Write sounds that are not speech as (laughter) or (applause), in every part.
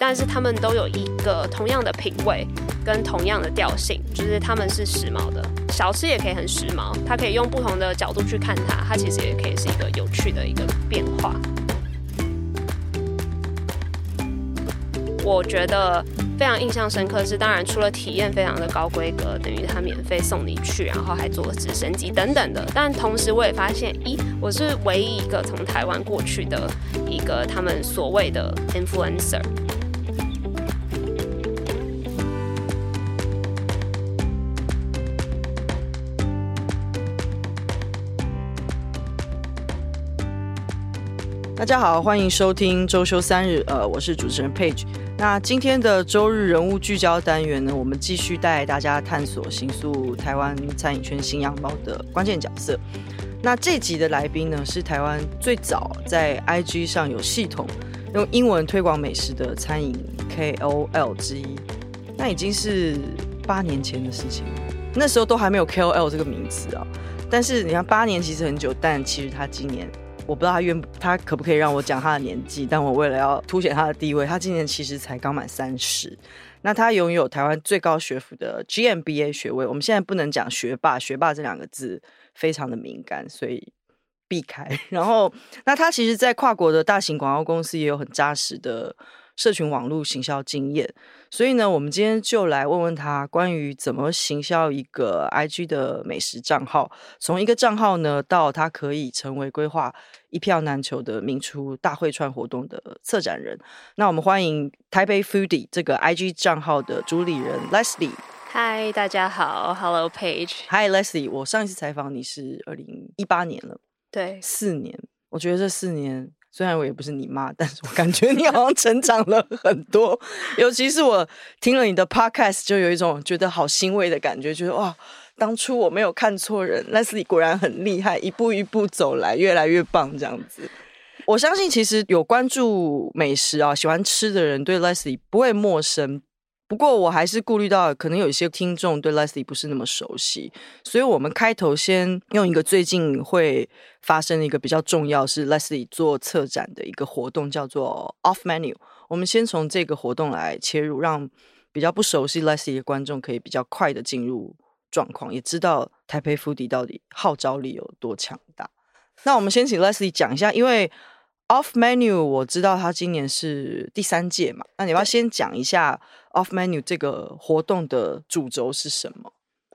但是他們都有一個同樣的品味跟同樣的調性，就是他們是時髦的，小吃也可以很時髦。它可以用不同的角度去看它，它其實也可以是一個有趣的一個變化。我覺得非常印象深刻是，當然除了體驗非常的高規格，等於他免費送你去，然後還坐直升機等等的，但同時我也發現，咦，我是唯一一個從台灣過去的一個他們所謂的 influencer。大家好，歡迎收聽週休三日。呃，我是主持人 Page。那今天的週日人物聚焦單元呢，我們繼續帶大家探索形塑台灣餐飲圈新樣貌的關鍵角色。那這集的來賓呢，是台灣最早在 IG 上有系統用英文推廣美食的餐飲 KOL 之一。那已經是八年前的事情了，那時候都還沒有 KOL 這個名詞啊。但是你看，八年其實很久，但其實他今年。我不知道他願不，他可不可以讓我講他的年紀？但我為了要凸顯他的地位，他今年其實才剛滿三十。那他擁有台灣最高學府的 GMBA 學位。我們現在不能講學霸，學霸這兩個字非常的敏感，所以避開。 (laughs) 然後，那他其實在跨國的大型廣告公司也有很扎實的。社群網路行銷經驗，所以呢，我們今天就來問問他關於怎麼行銷一個 IG 的美食賬號，從一個賬號呢到他可以成為規劃一票難求的名廚大會串活動的策展人。那我們歡迎 Taipei Foodie 這個 IG 賬號的主理人 Leslie。Hi，大家好，Hello Paige。Hi Leslie，我上一次採訪你是二零一八年了，對，四年，我覺得這四年。雖然我也不是你媽，但是我感覺你好像成長了很多， (laughs) 尤其是我聽了你的 podcast，就有一種覺得好欣慰的感覺，覺得哇，當初我沒有看錯人，Leslie 果然很厲害，一步一步走來，越來越棒，這樣子。我相信，其實有關注美食啊、喜歡吃的人，對 Leslie 不會陌生。不過我還是顧慮到，可能有一些聽眾對 Leslie 不是那麼熟悉，所以我們開頭先用一個最近會發生的一個比較重要是 Leslie 做策展的一個活動，叫做 Off Menu。我們先從這個活動來切入，讓比較不熟悉 Leslie 的觀眾可以比較快的進入狀況，也知道 Taipei Foodie 到底號召力有多強大。那我們先請 Leslie 講一下，因為。Off Menu，我知道它今年是第三屆嘛，那你要先講一下 Off Menu 這個活動的主軸是什麼？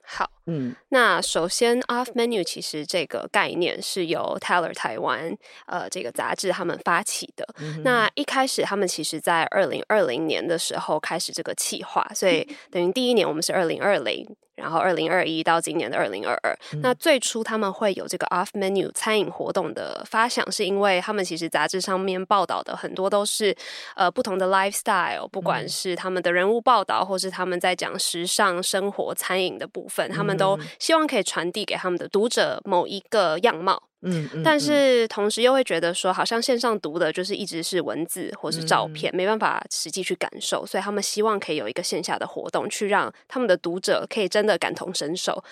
好，嗯，那首先 Off Menu 其實這個概念是由 Tatler 台灣呃這個雜誌他們發起的，嗯、哼那一開始他們其實，在二零二零年的時候開始這個企劃，所以等於第一年我們是二零二零。然後，二零二一到今年的二零二二，那最初他們會有這個 Off Menu 餐飲活動的發想，是因為他們其實雜誌上面報道的很多都是呃不同的 lifestyle，不管是他們的人物報道，或是他們在講時尚生活餐飲的部分，他們都希望可以傳遞給他們的讀者某一個樣貌。嗯，嗯嗯，但是同時又會覺得說，好像線上讀的就是一直是文字或是照片，嗯、沒辦法實際去感受，所以他們希望可以有一個線下的活動，去讓他們的讀者可以真的感同身受。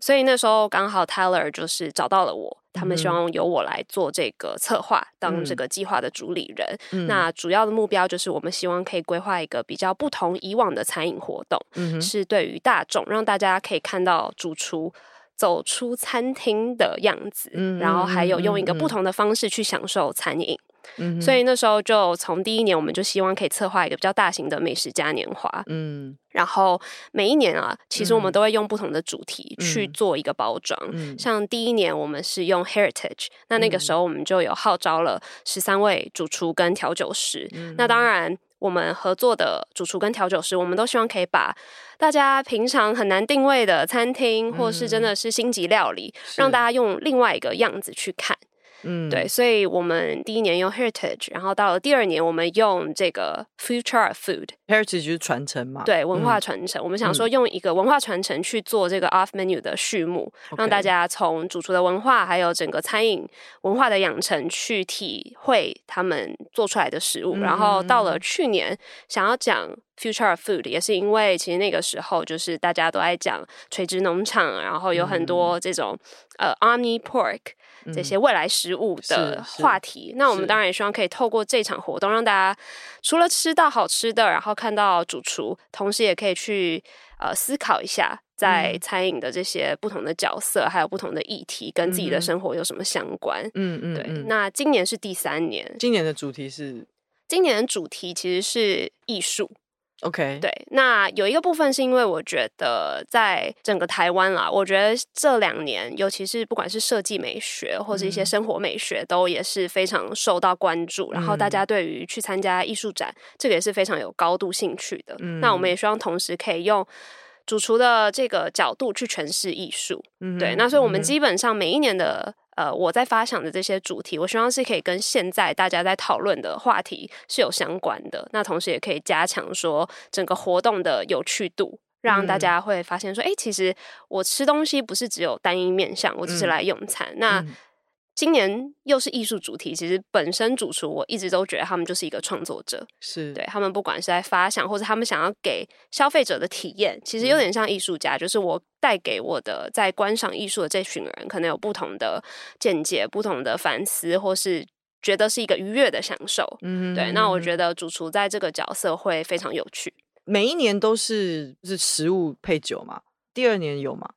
所以那時候剛好 Tyler 就是找到了我，嗯、他們希望由我來做這個策劃，當這個計劃的主理人。嗯嗯、那主要的目標就是我們希望可以規劃一個比較不同以往的餐飲活動，嗯嗯、是對於大眾，讓大家可以看到主廚。走出餐廳的樣子，嗯嗯然後還有用一個不同的方式去享受餐飲。嗯嗯所以那時候就從第一年，我們就希望可以策劃一個比較大型的美食嘉年華。嗯，然後每一年啊，其實我們都會用不同的主題去做一個包裝。嗯，像第一年我們是用 heritage，嗯，那那個時候我們就有號召了十三位主廚跟調酒師。嗯嗯那當然。我們合作的主廚跟調酒師，我們都希望可以把大家平常很難訂位的餐廳，或是真的是星級料理，嗯、讓大家用另外一個樣子去看。嗯，對，所以我們第一年用 heritage，然後到了第二年，我們用這個 future of food。Heritage 就是傳承嘛，對，文化傳承。嗯、我們想說用一個文化傳承去做這個 off menu 的序幕，嗯、讓大家從主廚的文化還有整個餐飲文化的養成去體會他們做出來的食物。嗯、哼然後到了去年，想要講 future of food，也是因為其實那個時候就是大家都愛講垂直農場，然後有很多這種呃、嗯哼 uh, Omni Pork。這些未來食物的話題，嗯、那我們當然也希望可以透過這場活動，讓大家除了吃到好吃的，然後看到主廚，同時也可以去呃思考一下，在餐飲的這些不同的角色，還有不同的議題，跟自己的生活有什麼相關。嗯嗯，對。嗯嗯嗯、那今年是第三年，今年的主題是，今年的主題其實是藝術。OK，對，那有一個部分是因為我覺得在整個台灣啦，我覺得這兩年，尤其是不管是設計美學或是一些生活美學，嗯、都也是非常受到關注。然後大家對於去參加藝術展，嗯、這個也是非常有高度興趣的。嗯、那我們也希望同時可以用主廚的這個角度去詮釋藝術。嗯、哼對，那所以我們基本上每一年的。呃，我在發想的這些主題，我希望是可以跟現在大家在討論的話題是有相關的，那同時也可以加強說整個活動的有趣度，讓大家會發現說，哎、嗯、欸，其實我吃東西不是只有單一面向，我只是來用餐。嗯、那、嗯今年又是藝術主題，其實本身主廚我一直都覺得他們就是一個創作者，是對他們不管是在發想或者他們想要給消費者的體驗，其實有點像藝術家，嗯、就是我帶給我的在觀賞藝術的這群人，可能有不同的見解、不同的反思，或是覺得是一個愉悅的享受。嗯，對。那我覺得主廚在這個角色會非常有趣，每一年都是是食物配酒嘛。第二年有嗎？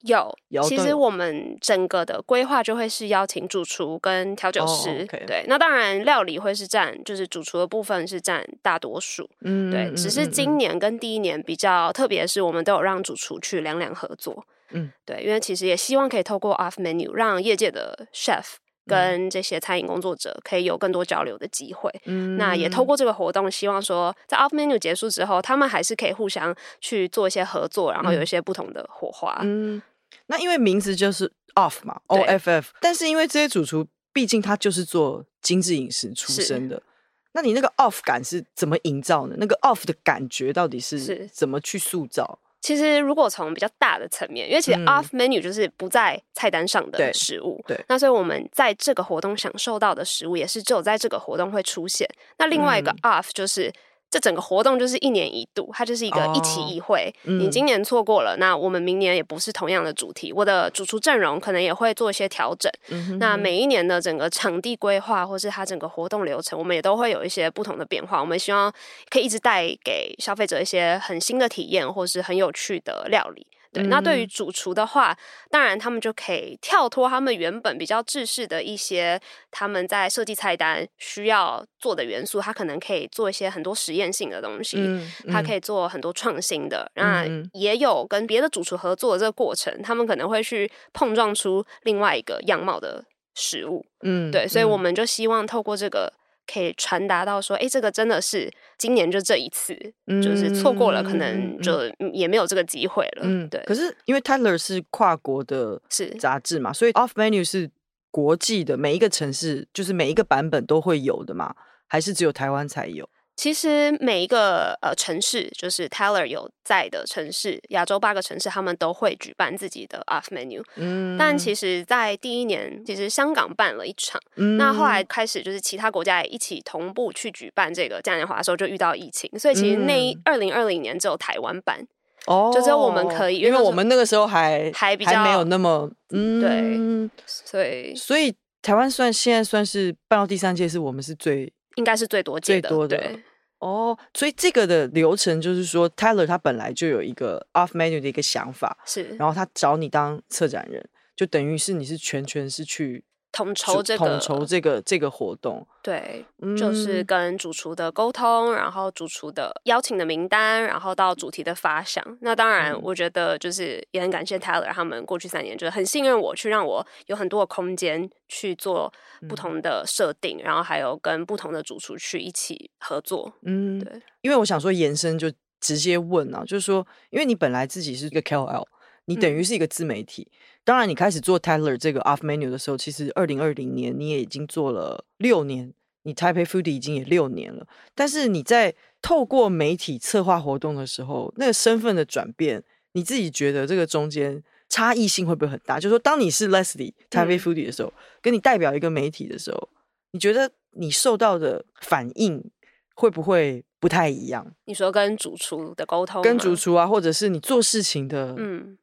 有，其實我們整個的規劃就會是邀請主廚跟調酒師。Oh, okay. 對，那當然料理會是占，就是主廚的部分是占大多數。嗯，對，只是今年跟第一年比較，特別是我們都有讓主廚去兩兩合作。嗯，對，因為其實也希望可以透過 Off Menu 讓業界的 chef。跟這些餐飲工作者可以有更多交流的機會。嗯，那也透過這個活動，希望說在 Off Menu 結束之後，他們還是可以互相去做一些合作，嗯、然後有一些不同的火花。嗯，那因為名字就是 Off 嘛對，O F F。但是因為這些主廚畢竟他就是做精緻飲食出身的，是那你那個 Off 感是怎麼營造呢？那個 Off 的感覺到底是怎麼去塑造？其實，如果從比較大的層面，因為其實 off menu 就是不在菜單上的食物，嗯、對，對。那所以我們在這個活動享受到的食物，也是只有在這個活動會出現。那另外一個 off 就是。這整個活動就是一年一度，它就是一個一期一會。哦嗯、你今年錯過了，那我們明年也不是同樣的主題，我的主廚陣容可能也會做一些調整。嗯、哼哼，那每一年的整個場地規劃，或是它整個活動流程，我們也都會有一些不同的變化。我們希望可以一直帶給消費者一些很新的體驗，或是很有趣的料理。對，那對於主廚的話，嗯、當然他們就可以跳脫他們原本比較制式的一些，他們在設計菜單需要做的元素，他可能可以做一些很多實驗性的東西，嗯嗯、他可以做很多創新的。那也有跟別的主廚合作的這個過程，他們可能會去碰撞出另外一個樣貌的食物。嗯，對，所以我們就希望透過這個。可以傳達到說，誒，這個真的是今年就這一次，嗯，就是錯過了，可能就也沒有這個機會了。嗯，對。可是因為《Teller》是跨國的雜誌嘛，是所以《Off Menu》是國際的，每一個城市就是每一個版本都會有的嘛，還是只有台灣才有？其實每一個呃城市，就是 Teller 有在的城市，亞洲八個城市，他們都會舉辦自己的 Off Menu。嗯，但其實，在第一年，其實香港辦了一場，嗯、那後來開始就是其他國家也一起同步去舉辦這個嘉年華的時候，就遇到疫情，嗯、所以其實那一二零二零年只有台灣辦，哦，就只有我們可以，因為我們那個時候還還比較還沒有那麼，嗯，對，所以所以台灣算現在算是辦到第三屆，是我們是最。應該是最多見的，最多的哦。對 oh, 所以這個的流程就是說，Tyler 他本來就有一個 off menu 的一個想法，是，然後他找你當策展人，就等於是你是全權是去。統籌這個，統籌這個這個活動，對，嗯、就是跟主廚的溝通，然後主廚的邀請的名單，然後到主題的發想。那當然，我覺得就是也很感謝 Tyler 他們過去三年，就是很信任我去，讓我有很多的空間去做不同的設定，嗯、然後還有跟不同的主廚去一起合作。嗯，對，因為我想說延伸，就直接問啊，就是說，因為你本來自己是一個 KOL。你等於是一個自媒體。嗯、當然，你開始做 Taylor 這個 Off Menu 的時候，其實二零二零年你也已經做了六年。你 Taipei Foodie 已經也六年了。但是你在透過媒體策劃活動的時候，那個身份的轉變，你自己覺得這個中間差異性會不會很大？就是說當你是 Leslie、嗯、Taipei Foodie 的時候，跟你代表一個媒體的時候，你覺得你受到的反應會不會不太一樣？你說跟主廚的溝通，跟主廚啊，或者是你做事情的，嗯。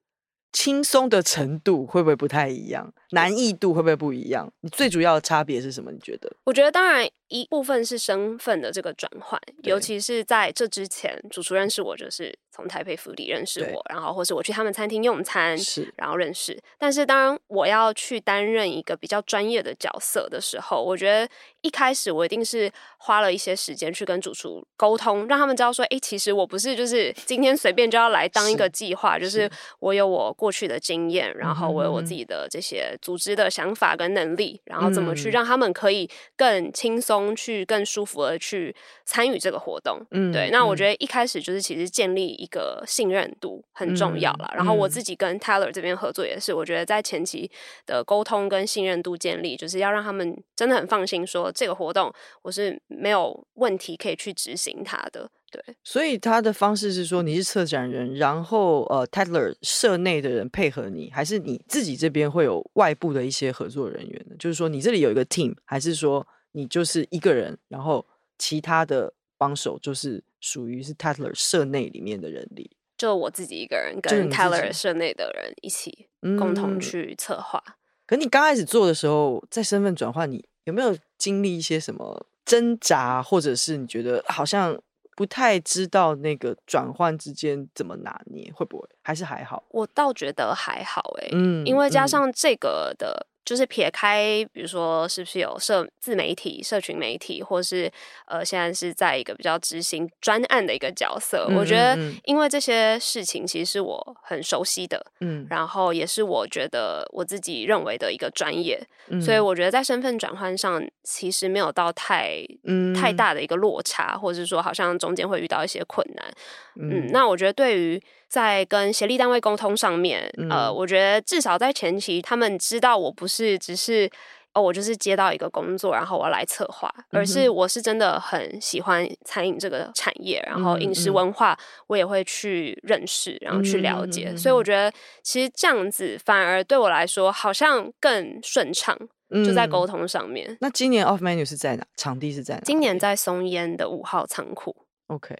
輕鬆的程度會不會不太一樣？難易度會不會不一樣？你最主要的差別是什麼，你覺得？我覺得當然。一部分是身份的這個轉換，尤其是在這之前，對主廚認識我就是從 Taipei Foodie 認識我，對然後或是我去他們餐廳用餐，是然後認識。但是當然，我要去擔任一個比較專業的角色的時候，我覺得一開始我一定是花了一些時間去跟主廚溝通，讓他們知道說，哎，其實我不是就是今天隨便就要來當一個計劃，是就是我有我過去的經驗，是然後我有我自己的這些組織的想法跟能力，嗯、然後怎麼去讓他們可以更輕鬆。去更舒服的去參與這個活動，嗯，對。那我覺得一開始就是其實建立一個信任度很重要啦。嗯、然後我自己跟 Tyler 這邊合作也是，嗯、我覺得在前期的溝通跟信任度建立，就是要讓他們真的很放心，說這個活動我是沒有問題可以去執行它的。對。所以他的方式是說，你是策展人，然後呃 Tyler 社內的人配合你，還是你自己這邊會有外部的一些合作人員呢？就是說，你這裡有一個 team，還是說？你就是一個人，然後其他的幫手就是屬於是 Tatler 社內裡面的人力，就我自己一個人跟 Tatler 社內的人一起共同去策劃、嗯。可你剛開始做的時候，在身份轉換，你有沒有經歷一些什麼掙扎，或者是你覺得好像不太知道那個轉換之間怎麼拿捏？會不會還是還好？我倒覺得還好、欸嗯，嗯，因為加上這個的。就是撇開，比如說是不是有社自媒體、社群媒體，或是呃，現在是在一個比較執行專案的一個角色。嗯嗯嗯，我覺得，因為這些事情其實是我很熟悉的，嗯，然後也是我覺得我自己認為的一個專業，嗯，所以我覺得在身份轉換上其實沒有到太，嗯，太大的一個落差，或者說好像中間會遇到一些困難。嗯，嗯，那我覺得對於。在跟協力單位溝通上面，嗯、呃，我覺得至少在前期，他們知道我不是只是哦，我就是接到一個工作，然後我來策劃，而是我是真的很喜歡餐飲這個產業，嗯、然後飲食文化，我也會去認識，嗯、然後去了解。嗯、所以我覺得其實這樣子反而對我來說好像更順暢，嗯、就在溝通上面。那今年 Off Menu 是在哪？場地是在哪？今年在松煙的五號倉庫。OK。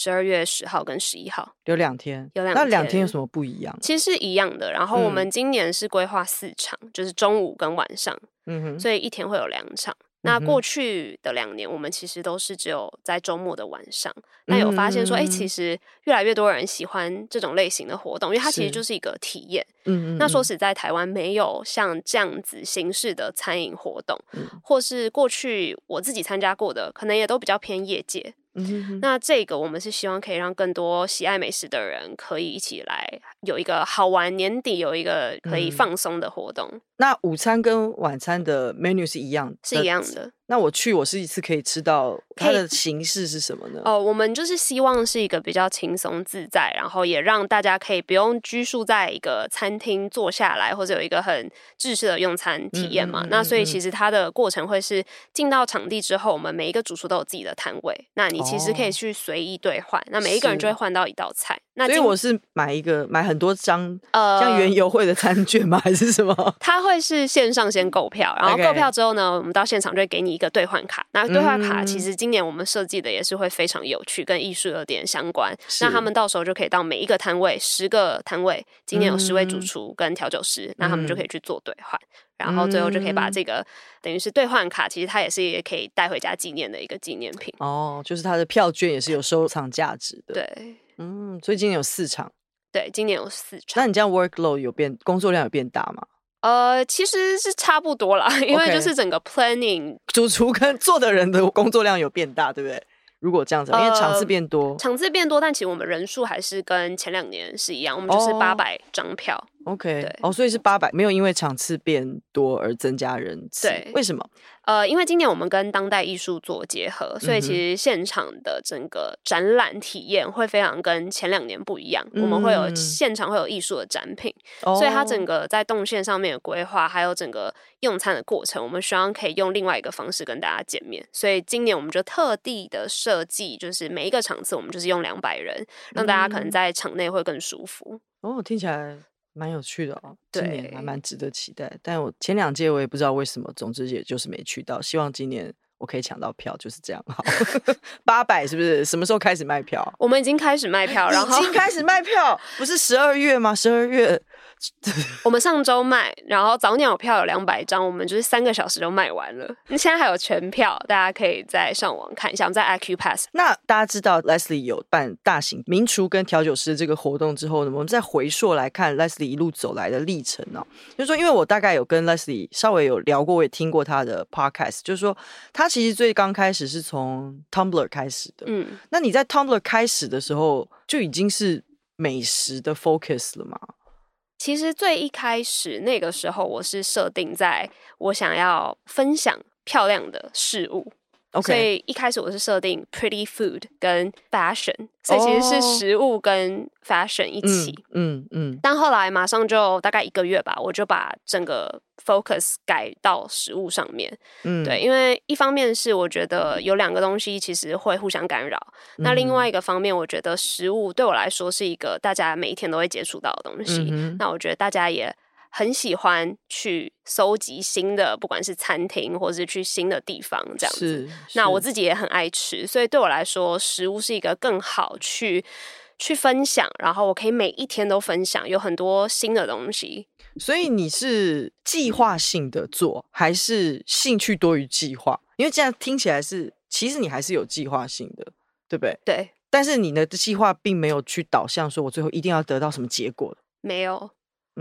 十二月十號跟十一號有兩天，有兩天，那兩天有什麼不一樣、啊？其實是一樣的。然後我們今年是規劃四場，嗯、就是中午跟晚上，嗯哼，所以一天會有兩場。嗯、哼那過去的兩年，我們其實都是只有在週末的晚上。那、嗯、哼有發現說，哎、嗯哼欸，其實越來越多人喜歡這種類型的活動，因為它其實就是一個體驗。嗯嗯，那說實在，台灣沒有像這樣子形式的餐飲活動，嗯、哼或是過去我自己參加過的，可能也都比較偏業界。 (noise) 那這個，我們是希望可以讓更多喜愛美食的人可以一起來有一個好玩，年底有一個可以放鬆的活動。嗯，那午餐跟晚餐的 menu 是一樣，是一樣的。那我去，我是一次可以吃到它，的形式是什麼呢？哦、呃，我們就是希望是一個比較輕鬆自在，然後也讓大家可以不用拘束在一個餐廳坐下來，或者有一個很正式的用餐體驗嘛。嗯嗯嗯嗯嗯，那所以其實它的過程會是進到場地之後，我們每一個主廚都有自己的攤位，那你其實可以去隨意兌換，哦、那每一個人就會換到一道菜。那所以我是買一個買很多張，呃，像園遊會的餐券嗎？呃、還是什麼？它會是線上先購票，然後購票之後呢，Okay. 我們到現場就會給你一個兌換卡。那兌換卡其實今年我們設計的也是會非常有趣，跟藝術有點相關。是那他們到時候就可以到每一個攤位，十個攤位，今年有十位主廚跟調酒師，嗯、那他們就可以去做兌換，嗯、然後最後就可以把這個等於是兌換卡，其實它也是也可以帶回家紀念的一個紀念品。哦，就是它的票券也是有收藏價值的。對。嗯，所以今年有四場，對，今年有四場。那你這樣 work load 有變，工作量有變大嗎？呃，其實是差不多啦，因為就是整個 planning、Okay. 主廚跟做的人的工作量有變大，對不對？如果這樣子，呃、因為場次變多，場次變多，但其實我們人數還是跟前兩年是一樣，我們就是八百張票。Oh. OK，對哦，所以是八百，沒有因為場次變多而增加人次。對，為什麼？呃，因為今年我們跟當代藝術做結合，所以其實現場的整個展覽體驗會非常跟前兩年不一樣。嗯、我們會有現場會有藝術的展品，哦、所以它整個在動線上面的規劃，還有整個用餐的過程，我們希望可以用另外一個方式跟大家見面。所以今年我們就特地的設計，就是每一個場次我們就是用兩百人，讓大家可能在場內會更舒服、嗯。哦，聽起來。蠻有趣的哦，今年還蠻值得期待。對但我前兩屆我也不知道為什麼，總之也就是沒去到。希望今年。我可以搶到票，就是這樣。好，八百是不是？什麼時候開始賣票？我們已經開始賣票，然後已經開始賣票，不是十二月嗎？十二月， (laughs) 我們上周賣，然後早鳥票有兩百張，我們就是三個小時就賣完了。那現在還有全票，大家可以在上網看一下，我們在 Accupass。那大家知道 Leslie 有辦大型名廚跟調酒師這個活動之後呢，我們再回溯來看 Leslie 一路走來的歷程哦、喔。嗯、就是說，因為我大概有跟 Leslie 稍微有聊過，我也聽過他的 Podcast，就是說他。其實最剛開始是從 Tumblr 開始的，嗯，那你在 Tumblr 開始的時候就已經是美食的 focus 了嗎？其實最一開始那個時候，我是設定在我想要分享漂亮的事物。Okay. 所以一開始我是設定 pretty food 跟 fashion，oh, 所以其實是食物跟 fashion 一起，嗯嗯。嗯嗯，但後來馬上就大概一個月吧，我就把整個 focus 改到食物上面。嗯，對，因為一方面是我覺得有兩個東西其實會互相干擾，嗯，那另外一個方面，我覺得食物對我來說是一個大家每一天都會接觸到的東西，嗯哼，那我覺得大家也很喜歡去蒐集新的，不管是餐廳或是去新的地方，這樣子。是，是。那我自己也很愛吃，所以對我來說，食物是一個更好去去分享，然後我可以每一天都分享，有很多新的東西。所以你是計劃性的做，還是興趣多於計劃？因為這樣聽起來是，其實你還是有計劃性的，對不對？對。但是你的計劃並沒有去導向說我最後一定要得到什麼結果，沒有。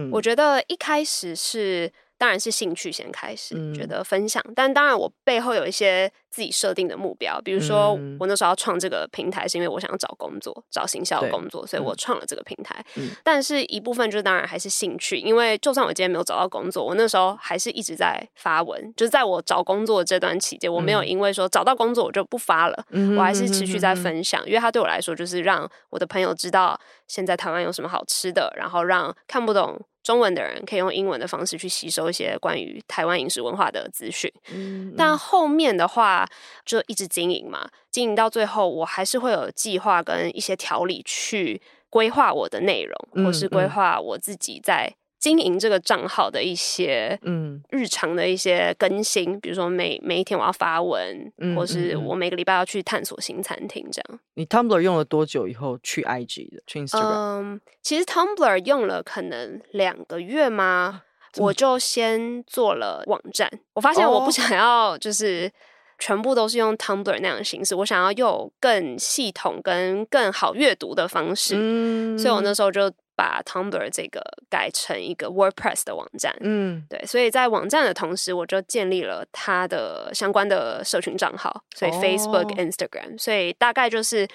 (noise) 我覺得一開始是。當然是興趣先開始，覺得分享。但當然，我背後有一些自己設定的目標，比如說我那時候要創這個平台，是因為我想找工作，找行銷工作，所以我創了這個平台。但是，一部分就是當然還是興趣，因為就算我今天沒有找到工作，我那時候還是一直在發文，就是在我找工作這段期間，我沒有因為說找到工作我就不發了，我還是持續在分享，因為它對我來說就是讓我的朋友知道現在台灣有什麼好吃的，然後讓看不懂。中文的人可以用英文的方式去吸收一些關於台灣飲食文化的資訊，嗯嗯、但後面的話就一直經營嘛，經營到最後，我還是會有計劃跟一些條理去規劃我的內容，或是規劃我自己在。經營這個賬號的一些，嗯，日常的一些更新，比如說每每一天我要發文，嗯、或是我每個禮拜要去探索新餐廳，這樣。你 Tumblr 用了多久以後去 IG 的？去 Instagram？嗯，其實 Tumblr 用了可能兩個月嘛？麼我就先做了網站，我發現我不想要就是全部都是用 Tumblr 那樣的形式，我想要有更系統、跟更好閱讀的方式，嗯，所以我那時候就。把 Tumblr 這個改成一個 WordPress 的網站，嗯，對，所以在網站的同時，我就建立了它的相關的社群賬號，所以 Facebook、哦、Instagram，所以大概就是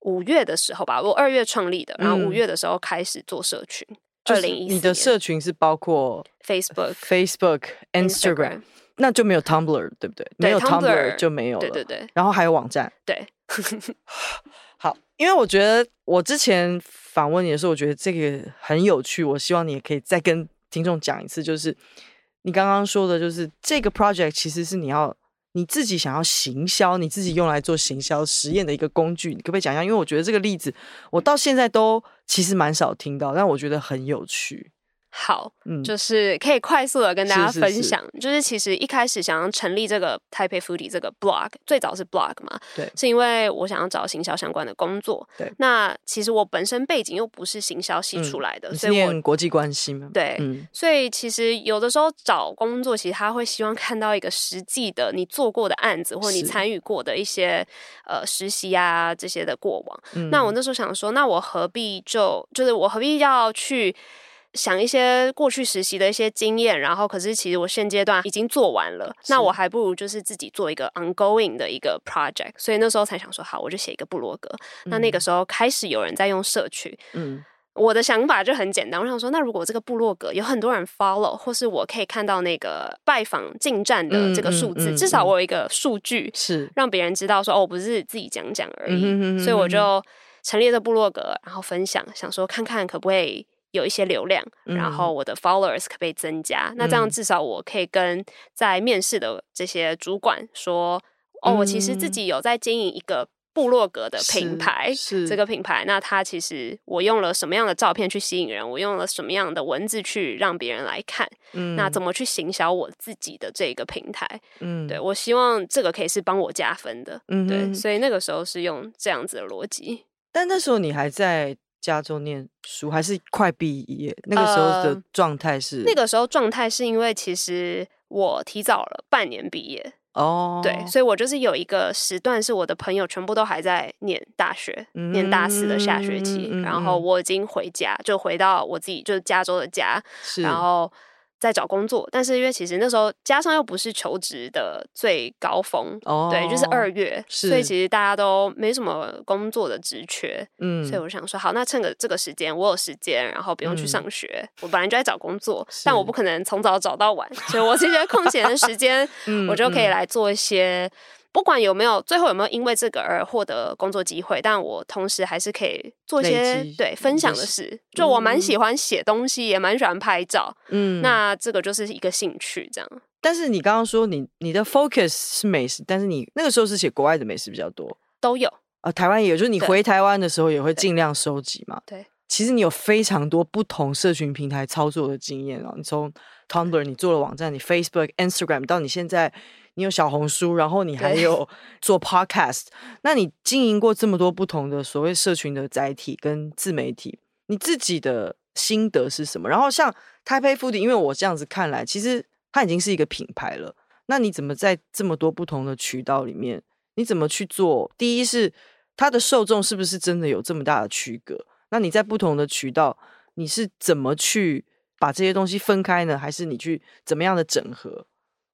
五月的時候吧，我二月創立的，嗯、然後五月的時候開始做社群。二零一四，你的社群是包括 Facebook、Facebook、Instagram，那就沒有 Tumblr，對不對？對，沒有 Tumblr 就沒有了，對對對。然後還有網站，對。 (laughs) 好，因為我覺得我之前。訪問你的時候，我覺得這個很有趣。我希望你也可以再跟聽眾講一次，就是你剛剛說的，就是這個 project 其實是你要你自己想要行銷，你自己用來做行銷實驗的一個工具。你可不可以講一下？因為我覺得這個例子我到現在都其實蠻少聽到，但我覺得很有趣。好，嗯、就是可以快速的跟大家分享。是是是，就是其實一開始想要成立這個 Taipei Foodie 這個 blog，最早是 blog 嘛，對，是因為我想要找行銷相關的工作。對，那其實我本身背景又不是行銷系出來的，嗯、所以我是國際關係嘛，對，嗯、所以其實有的時候找工作，其實他會希望看到一個實際的你做過的案子，或者你參與過的一些是呃實習啊這些的過往。嗯、那我那時候想說，那我何必就就是我何必要去？想一些過去實習的一些經驗，然後可是其實我現階段已經做完了，是那我還不如就是自己做一個 ongoing 的一個 project，所以那時候才想說，好，我就寫一個部落格。嗯、那那個時候開始有人在用社群，嗯，我的想法就很簡單。我想說，那如果這個部落格有很多人 follow，或是我可以看到那個拜訪進站的這個數字，嗯嗯嗯嗯至少我有一個數據，是讓別人知道說，哦，我不是自己講講而已。嗯嗯嗯嗯嗯所以我就成立的部落格，然後分享，想說看看可不可以。有一些流量，然後我的 followers 可被增加。嗯、那這樣至少我可以跟在面試的這些主管說：“嗯、哦，我其實自己有在經營一個部落格的品牌，是，是這個品牌。那它其實我用了什麼樣的照片去吸引人，我用了什麼樣的文字去讓別人來看。嗯，那怎麼去行銷我自己的這個平台？嗯，對，我希望這個可以是幫我加分的。嗯哼，對，所以那個時候是用這樣子的邏輯。但那時候你還在。加州念書還是快畢業？那個時候的狀態是、呃、那個時候狀態是因為其實我提早了半年畢業哦，對，所以我就是有一個時段是我的朋友全部都還在念大學，嗯、念大四的下學期，嗯嗯、然後我已經回家、嗯、就回到我自己就是加州的家，是然後，在找工作，但是因為其實那時候加上又不是求職的最高峰，哦，oh, 對，就是二月，是所以其實大家都沒什麼工作的職缺，嗯，所以我想說，好，那趁個這個時間，我有時間，然後不用去上學，嗯、我本來就在找工作，是但我不可能從早找到晚，所以我這些空閒的時間，嗯， (laughs) 我就可以來做一些。不管有沒有最後有沒有因為這個而獲得工作機會，但我同時還是可以做一些積對積分享的事。嗯、就我蠻喜歡寫東西，也蠻喜歡拍照，嗯，那這個就是一個興趣這樣。但是你剛剛說你你的 focus 是美食，但是你那個時候是寫國外的美食比較多？都有啊，呃，台灣也有，就是你回台灣的時候也會盡量收集嘛。對，對對，其實你有非常多不同社群平台操作的經驗啊，你從 Tumblr 你做了網站，你 Facebook 對 Instagram 到你現在。你有小紅書，然後你還有做 podcast，對那你經營過這麼多不同的所謂社群的載體跟自媒體，你自己的心得是什麼？然後像台北 f o 因為我這樣子看來，其實它已經是一個品牌了。那你怎麼在這麼多不同的渠道裡面，你怎麼去做？第一是它的受眾是不是真的有這麼大的區隔？那你在不同的渠道，你是怎麼去把這些東西分開呢？還是你去怎麼樣的整合？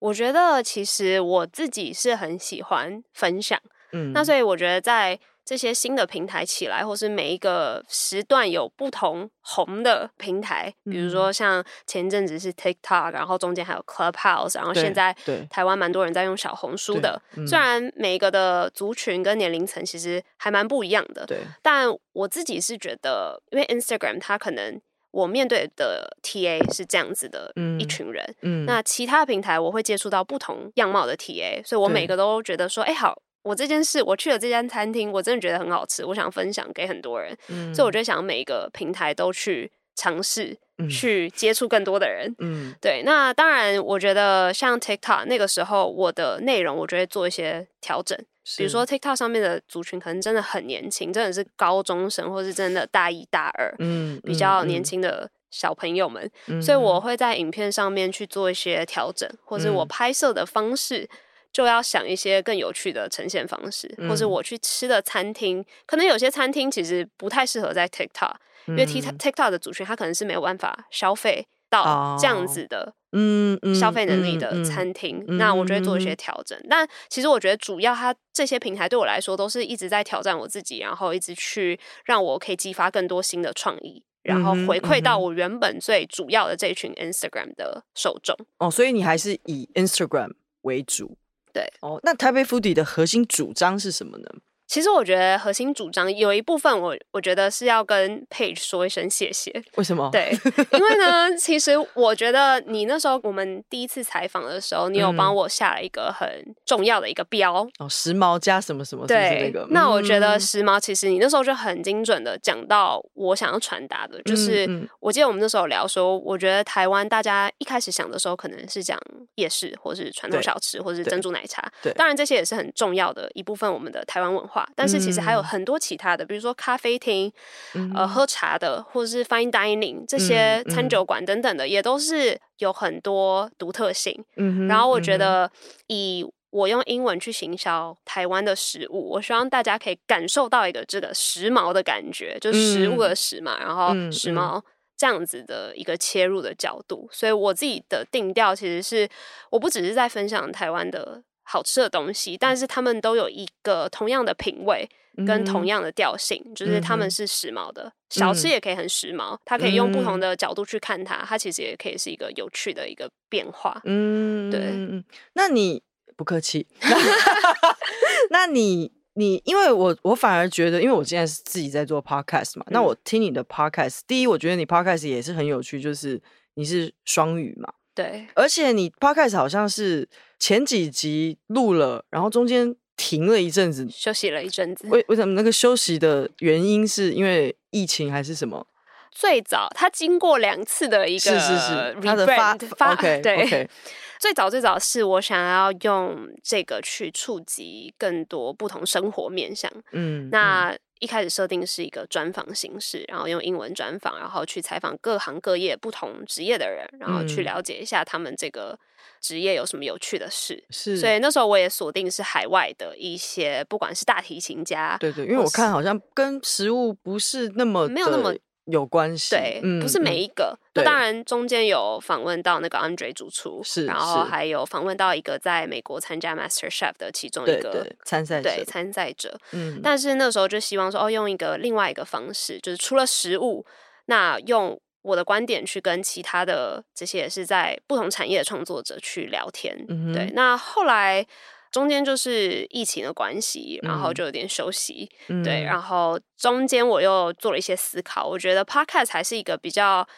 我覺得其實我自己是很喜歡分享，嗯，那所以我覺得在這些新的平台起來，或是每一個時段有不同紅的平台，嗯、比如說像前一陣子是 TikTok，然後中間還有 Clubhouse，然後現在台灣蠻多人在用小紅書的。嗯、雖然每一個的族群跟年齡層其實還蠻不一樣的，對，但我自己是覺得，因為 Instagram 它可能。我面對的 T A 是這樣子的，一群人，嗯嗯、那其他平台我會接觸到不同樣貌的 T A，所以我每個都覺得說，哎對，欸、好，我這件事，我去了這間餐廳，我真的覺得很好吃，我想分享給很多人，嗯、所以我就想每一個平台都去。嘗試去接觸更多的人。嗯，嗯，對。那當然，我覺得像 TikTok 那個時候，我的內容我就會做一些調整。是，比如說 TikTok 上面的族群可能真的很年輕，真的是高中生，或是真的大一大二，嗯，嗯嗯比較年輕的小朋友們。嗯、所以我會在影片上面去做一些調整，嗯、或是我拍攝的方式就要想一些更有趣的呈現方式，嗯、或是我去吃的餐廳，可能有些餐廳其實不太適合在 TikTok。因為 TikTok 的族群，它可能是沒有辦法消費到這樣子的，嗯嗯，消費能力的餐廳。那我就會做一些調整。嗯嗯嗯、但其實我覺得，主要它這些平台對我來說，都是一直在挑戰我自己，然後一直去讓我可以激發更多新的創意，然後回饋到我原本最主要的這群 Instagram 的受眾、嗯嗯嗯嗯。哦，所以你還是以 Instagram 為主，對？哦，那 Taipei Foodie 的核心主張是什麼呢？其實我覺得核心主張有一部分我，我我覺得是要跟 Page 說一聲謝謝。為什麼？對，因為呢， (laughs) 其實我覺得你那時候我們第一次採訪的時候，你有幫我下了一個很重要的一個標，嗯、哦，時髦加什麼什麼是不是、那個？對，嗯、那我覺得時髦，其實你那時候就很精準的講到我想要傳達的，就是我記得我們那時候有聊說，我覺得台灣大家一開始想的時候，可能是講夜市，或是傳統小吃，對或是珍珠奶茶。對，對當然這些也是很重要的一部分，我們的台灣文化。但是其實還有很多其他的，嗯、比如說咖啡廳、嗯、呃喝茶的，或者是 fine dining 這些餐酒館等等的，嗯嗯、也都是有很多獨特性。嗯、哼然後我覺得以我用英文去行銷台灣的食物，我希望大家可以感受到一個這個時髦的感覺，就食物的時髦，嗯、然後時髦這樣子的一個切入的角度。所以我自己的定調其實是，我不只是在分享台灣的。好吃的東西，但是他們都有一個同樣的品味跟同樣的調性，嗯、就是他們是時髦的，嗯、小吃也可以很時髦。嗯、他可以用不同的角度去看它，它、嗯、其實也可以是一個有趣的一個變化。嗯，對。那你不客氣。 (laughs) (laughs) 那你你，因為我我反而覺得，因為我現在是自己在做 podcast 嘛，嗯、那我聽你的 podcast，第一，我覺得你 podcast 也是很有趣，就是你是雙語嘛。對，而且你 Podcast 好像是前幾集錄了，然後中間停了一陣子，休息了一陣子。為為什麼那個休息的原因是因為疫情還是什麼？最早它經過兩次的一個是是是它的發發 okay, 對。okay 最早最早是我想要用這個去觸及更多不同生活面向。嗯，那。嗯一開始設定是一個專訪形式，然後用英文專訪，然後去採訪各行各業不同職業的人，然後去了解一下他們這個職業有什麼有趣的事。嗯、是，所以那時候我也鎖定是海外的一些，不管是大提琴家，對，對對，因為我看好像跟食物不是那麼，沒有那麼。有關係，對，嗯、不是每一個。嗯、那當然，中間有訪問到那個 Andre 主廚，是對，然後還有訪問到一個在美國參加 Master Chef 的其中一個參賽者，對參賽者。嗯，但是那時候就希望說，哦，用一個另外一個方式，就是除了食物，那用我的觀點去跟其他的這些也是在不同產業的創作者去聊天。嗯、哼對，那後來。中間就是疫情的關係，然後就有點休息，嗯、對，嗯、然後中間我又做了一些思考，我覺得 Podcast 還是一個比較。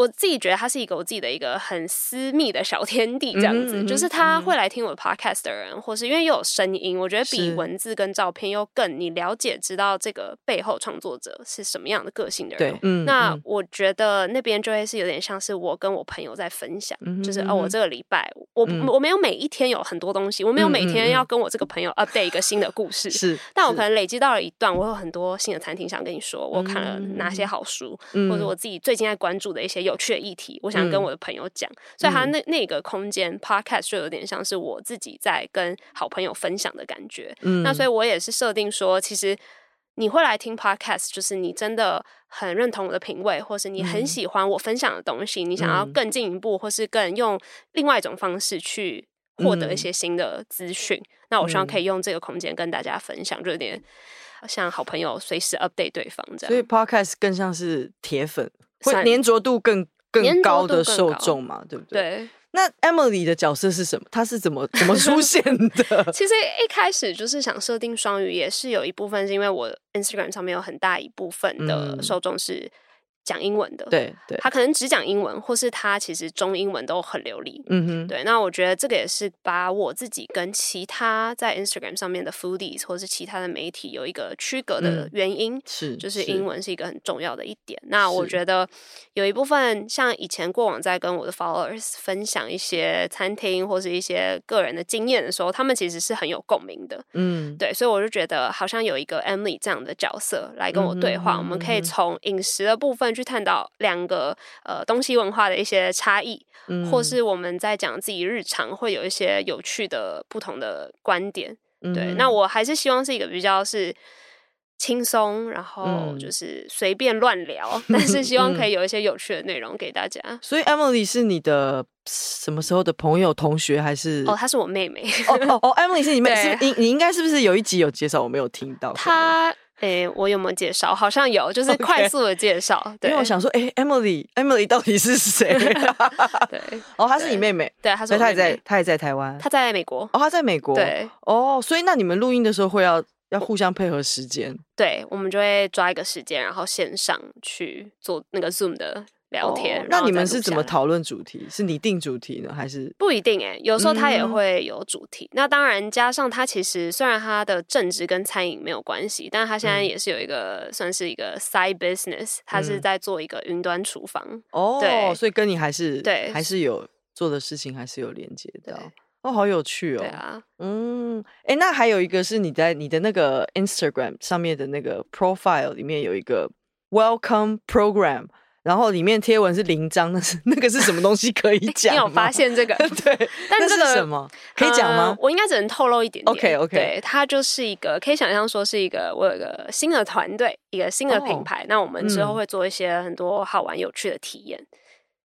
我自己覺得他是一個我自己的一個很私密的小天地，這樣子，就是他會來聽我的 podcast 的人，或是因為又有聲音，我覺得比文字跟照片又更你了解、知道這個背後創作者是什麼樣的個性的人。嗯，那我覺得那邊就會是有點像是我跟我朋友在分享，就是哦，我這個禮拜我我沒有每一天有很多東西，我沒有每天要跟我這個朋友 update 一個新的故事，是，但我可能累積到了一段，我有很多新的餐廳想跟你說，我看了哪些好書，或者我自己最近在關注的一些有有趣的議題，我想跟我的朋友講，嗯、所以他那那個空間 podcast 就有點像是我自己在跟好朋友分享的感覺。嗯、那所以我也是設定說，其實你會來聽 podcast，就是你真的很認同我的品味，或是你很喜歡我分享的東西，嗯、你想要更進一步，或是更用另外一種方式去獲得一些新的資訊。嗯、那我希望可以用這個空間跟大家分享，就有點像好朋友隨時 update 對方這樣。所以 podcast 更像是鐵粉。會粘着度更更高的受眾嘛？對不對？對，那 Emily 的角色是什麼？她是怎麼怎麼出現的？ (laughs) 其實一開始就是想設定雙語，也是有一部分是因為我 Instagram 上面有很大一部分的受眾是。講英文的，對對，對他可能只講英文，或是他其實中英文都很流利。嗯嗯哼，對，那我覺得這個也是把我自己跟其他在 Instagram 上面的 Foodies 或是其他的媒體有一個區隔的原因，嗯、是就是英文是一個很重要的一點。是那我覺得有一部分像以前過往在跟我的 Followers 分享一些餐廳或是一些個人的經驗的時候，他們其實是很有共鳴的。嗯，對，所以我就覺得好像有一個 Emily 這樣的角色來跟我對話，嗯、哼我們可以從飲食的部分，去探討兩個呃東西文化的一些差異，嗯、或是我們在講自己日常會有一些有趣的不同的觀點。嗯、對，那我還是希望是一個比較是輕鬆，然後就是隨便亂聊，嗯、但是希望可以有一些有趣的內容給大家。嗯嗯、所以，Emily 是你的什麼時候的朋友、同學還是？哦，oh, 她是我妹妹。哦哦 Emily 是你妹，妹對，你應該是不是有一集有介紹？我沒有聽到她。他哎、欸，我有沒有介紹？好像有，就是快速的介紹。Okay. 對，因為我想說，誒、欸、Emily，Emily 到底是誰？ (laughs) (laughs) 對，哦，oh, 她是你妹妹。對，她說所她在，她也在台灣。她在美國。哦，oh, 她在美國。對。哦，oh, 所以那你們錄音的時候會要要互相配合時間。對，我們就會抓一個時間，然後線上去做那個 Zoom 的。聊天，oh, 那你們是怎麼討論主題？是你定主題呢，還是不一定、欸？哎，有時候他也會有主題。嗯、那當然，加上他其實雖然他的正職跟餐飲沒有關係，但他現在也是有一個、嗯、算是一個 side business，他是在做一個雲端廚房。嗯、對哦，所以跟你還是對，還是有做的事情還是有連接的。對哦，好有趣哦。對啊，嗯，哎，那還有一個是你在你的那個 Instagram 上面的那個 profile 裡面有一個 welcome program。然後裡面貼文是零張，那是那個是什麼東西可以講？ (laughs) 你有發現這個？ (laughs) 對，但這個是什麼、呃、可以講嗎？我應該只能透露一點點。OK OK，對，它就是一個可以想象說是一個，我有一個新的團隊，一個新的品牌。Oh, 那我們之後會做一些很多好玩、嗯、有趣的體驗。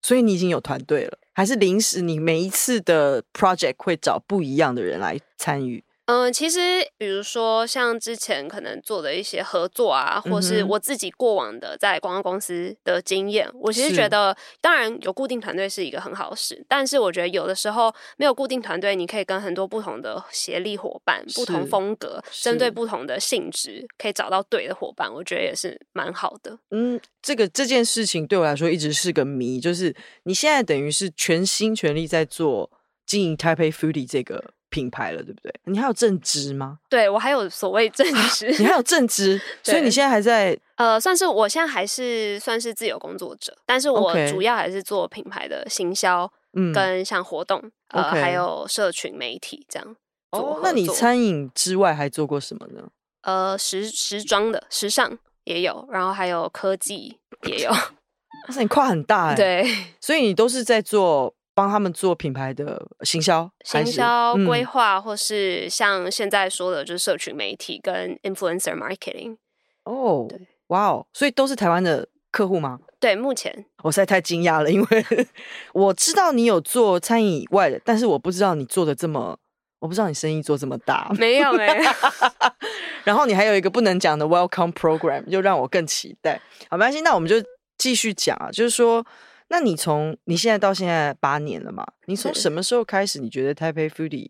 所以你已經有團隊了，還是臨時？你每一次的 project 會找不一樣的人來參與。嗯、呃，其實比如說像之前可能做的一些合作啊，或是我自己過往的在廣告公司的經驗，嗯、哼我其實覺得，是當然有固定團隊是一個很好事，但是我覺得有的時候沒有固定團隊，你可以跟很多不同的協力夥伴，是不同風格，針是對不同的性質，可以找到對的夥伴，我覺得也是蠻好的。嗯，這個這件事情對我來說一直是個謎，就是你現在等於是全心全力在做經營 Taipei Foodie 這個品牌了，對不對？你還有正職嗎？對，我還有所謂正職、啊，你還有正職， (laughs) 對所以你現在還在呃，算是我現在還是算是自由工作者，但是我主要還是做品牌的行銷，嗯，跟像活動、嗯、呃，Okay 還有社群媒體這樣。哦，那你餐飲之外還做過什麼呢？呃，時時裝的時尚也有，然後還有科技也有，是 (laughs) 你跨很大哎，對，所以你都是在做。幫他們做品牌的行銷，行銷規劃，或是像現在說的，就是社群媒體跟 influencer marketing。哦，對，哇哦，所以都是台灣的客戶嗎？對，目前。我實在太驚訝了，因為我知道你有做餐飲以外的，但是我不知道你做的這麼，我不知道你生意做這麼大。沒有哎、欸。 (laughs) 然後你還有一個不能講的 welcome program，就讓我更期待。好，沒關係，那我們就繼續講啊，就是說。那你從你現在到現在八年了嘛？你從什麼時候開始你覺得 Taipei Foodie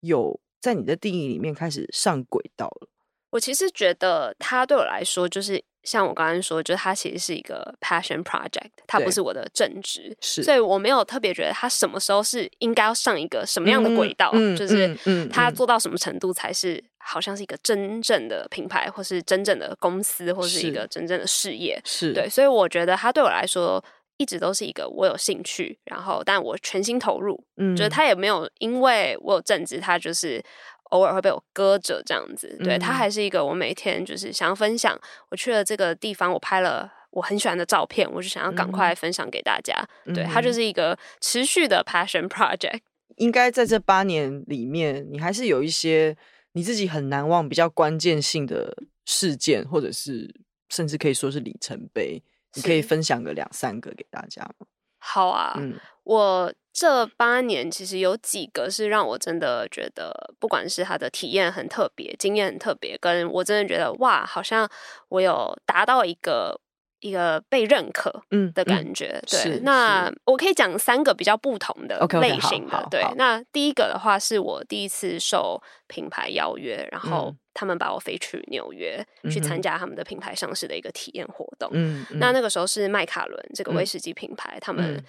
有在你的定義裡面開始上軌道了？我其實覺得他對我來說，就是像我剛剛說，就是他其實是一個 passion project，它不是我的正職，是，所以我沒有特別覺得他什麼時候是應該要上一個什麼樣的軌道，嗯，就是嗯，他做到什麼程度才是好像是一個真正的品牌，或是真正的公司，或是一個真正的事業，是，是對，所以我覺得他對我來說。一直都是一個我有興趣，然後但我全心投入，嗯，覺得他也沒有，因為我有正職，他就是偶爾會被我擱着這樣子。嗯、對他還是一個我每天就是想要分享，我去了這個地方，我拍了我很喜歡的照片，我就想要趕快分享給大家。嗯、對、嗯、他就是一個持續的 passion project。應該在這八年裡面，你還是有一些你自己很難忘、比較關鍵性的事件，或者是甚至可以說是里程碑。你可以分享個兩三個給大家嗎？好啊，嗯，我這八年其實有幾個是讓我真的覺得，不管是他的體驗很特別，經驗很特別，跟我真的覺得哇，好像我有達到一個。一個被認可嗯的感覺，嗯嗯、對。那我可以講三個比較不同的類型的，okay, okay, 對。好那第一個的話是我第一次受品牌邀約，然後他們把我飛去紐約去參加他們的品牌上市的一個體驗活動。嗯，嗯那那個時候是麥卡倫這個威士忌品牌，嗯、他們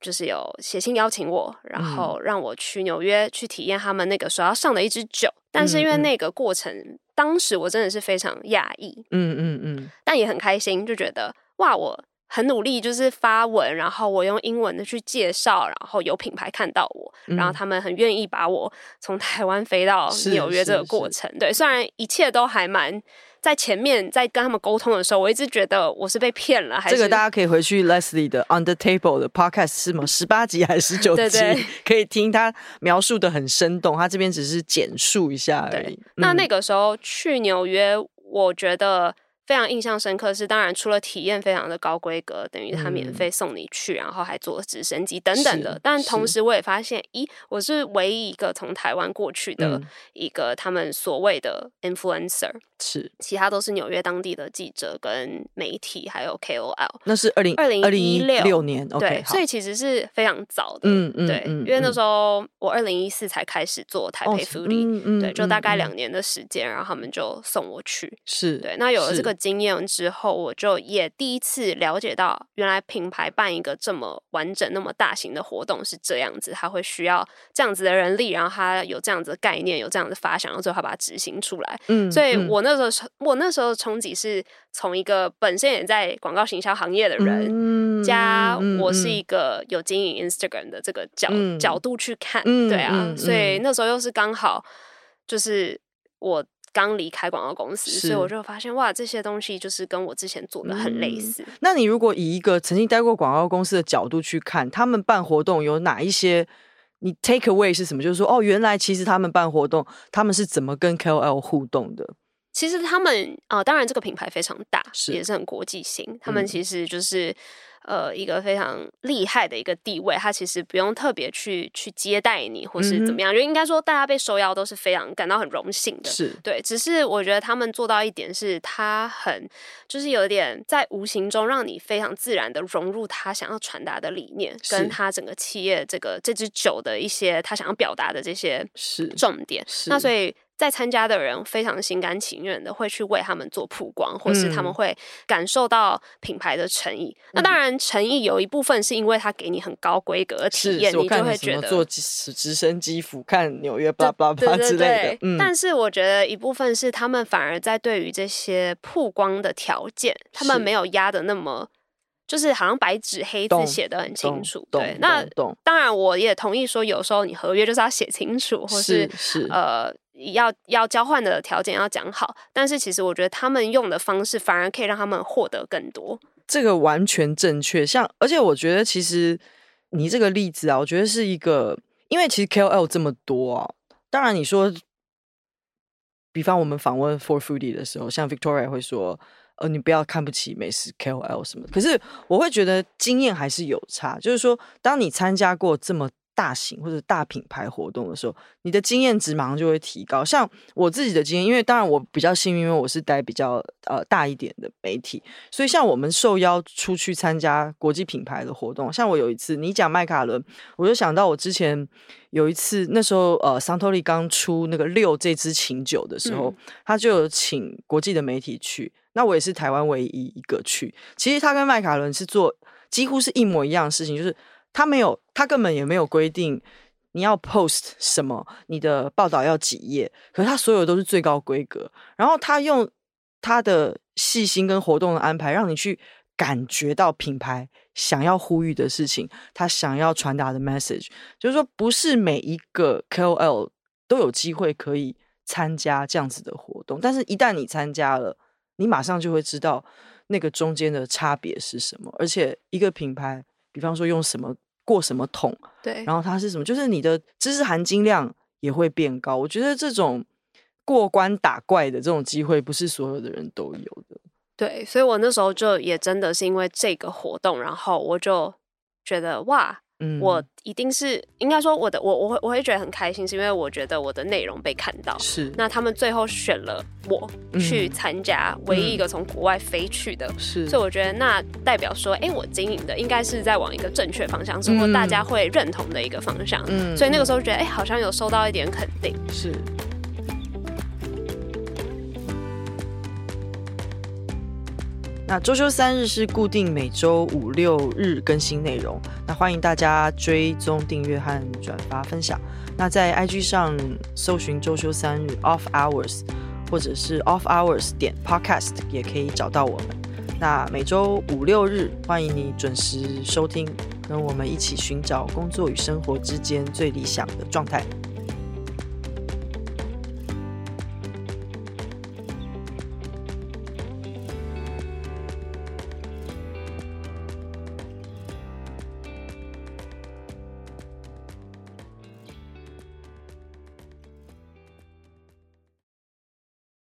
就是有寫信邀請我，然後讓我去紐約去體驗他們那個時候要上的一支酒，但是因為那個過程、嗯。嗯當時我真的是非常訝異，嗯，嗯嗯嗯，但也很開心，就覺得哇，我很努力，就是發文，然後我用英文的去介紹，然後有品牌看到我，嗯，然後他們很願意把我從台灣飛到紐約這個過程，對，雖然一切都還蠻。在前面在跟他們溝通的時候，我一直覺得我是被騙了。還是這個大家可以回去 Leslie 的 Under (laughs) Table 的 Podcast 是嗎？十八集還是十九集？ (laughs) 對對對，可以聽他描述的很生動。他這邊只是簡述一下而已。對嗯、那那個時候去紐約，我覺得非常印象深刻是。是當然除了體驗非常的高規格，等於他免費送你去，嗯、然後還坐直升機等等的。是但同時我也發現，是咦，我是唯一一個從台灣過去的，一個他們所謂的 influencer。是，其他都是紐約當地的記者跟媒體，還有 KOL。那是二零二零一六年，對，所以其實是非常早的，嗯嗯，對，因為那時候我二零一四才開始做台北 Foodie，嗯嗯，對，就大概兩年的時間，然後他們就送我去，是對。那有了這個經驗之後，我就也第一次了解到，原來品牌辦一個這麼完整、那麼大型的活動是這樣子，他會需要這樣子的人力，然後他有這樣子的概念，有這樣子的發想，然後最後他把它執行出來，嗯，所以我那。那時候我那時候衝擊是從一個本身也在廣告行銷行業的人加我是一個有經營 Instagram 的這個角、嗯、角度去看，嗯、對啊，嗯、所以那時候又是剛好就是我剛離開廣告公司，是所以我就發現哇，這些東西就是跟我之前做的很類似、嗯。那你如果以一個曾經待過廣告公司的角度去看，他們辦活動有哪一些？你 take away 是什麼？就是說哦，原來其實他們辦活動，他們是怎麼跟 KOL 互動的？其實他們啊、呃，當然這個品牌非常大，是也是很國際性。他們其實就是、嗯、呃一個非常厲害的一個地位，他其實不用特別去去接待你或是怎麼樣，嗯、哼就應該說大家被受邀都是非常感到很榮幸的。是對，只是我覺得他們做到一點是，他很就是有點在無形中讓你非常自然的融入他想要傳達的理念，是跟他整個企業這個這支酒的一些他想要表達的這些是重點。是是，那所以。在參加的人非常心甘情願的會去為他們做曝光，或是他們會感受到品牌的誠意。那當然，誠意有一部分是因為他給你很高規格的體驗，你就會覺得坐直升機俯瞰紐約，叭叭叭之類的。嗯，但是我覺得一部分是他們反而在對於這些曝光的條件，他們沒有壓得那麼，就是好像白紙黑字寫得很清楚。對，那當然，我也同意說，有時候你合約就是要寫清楚，或是呃。要要交換的條件要講好，但是其實我覺得他們用的方式反而可以讓他們獲得更多。這個完全正確，像而且我覺得其實你這個例子啊，我覺得是一個，因為其實 KOL 這麼多啊，當然你說，比方我們訪問 4Foodie 的時候，像 Victoria 會說，呃，你不要看不起美食 KOL 什麼，可是我會覺得經驗還是有差，就是說當你參加過這麼。大型或者大品牌活動的時候，你的經驗值馬上就會提高。像我自己的經驗，因為當然我比較幸運，因為我是帶比較呃大一點的媒體，所以像我們受邀出去參加國際品牌的活動，像我有一次，你講麥卡倫，我就想到我之前有一次，那時候呃，桑托利剛出那個六這支琴酒的時候，嗯、他就請國際的媒體去，那我也是台灣唯一一個去。其實他跟麥卡倫是做幾乎是一模一樣的事情，就是。他沒有，他根本也沒有規定你要 post 什麼，你的報道要幾頁。可是他所有的都是最高規格，然後他用他的細心跟活動的安排，讓你去感覺到品牌想要呼籲的事情，他想要傳達的 message。就是說，不是每一個 KOL 都有機會可以參加這樣子的活動，但是一旦你參加了，你馬上就會知道那個中間的差別是什麼。而且，一個品牌。比方說用什麼過什麼桶，對，然後它是什麼，就是你的知識含金量也會變高。我覺得這種過關打怪的這種機會，不是所有的人都有的。對，所以我那時候就也真的是因為這個活動，然後我就覺得哇。嗯、我一定是應該說我的我我會我會覺得很開心，是因為我覺得我的內容被看到。是，那他們最後選了我去參加，唯一一個從國外飛去的。嗯嗯、是，所以我覺得那代表說，哎、欸，我經營的應該是在往一個正確方向，或大家會認同的一個方向。嗯，所以那個時候覺得，哎、欸，好像有收到一點肯定。是。那週休三日是固定每週五六日更新內容，那歡迎大家追蹤、訂閱和轉發分享。那在 IG 上搜尋“週休三日 off hours” 或者是 “off hours” 點 podcast 也可以找到我們。那每週五六日，歡迎你準時收聽，跟我們一起尋找工作與生活之間最理想的狀態。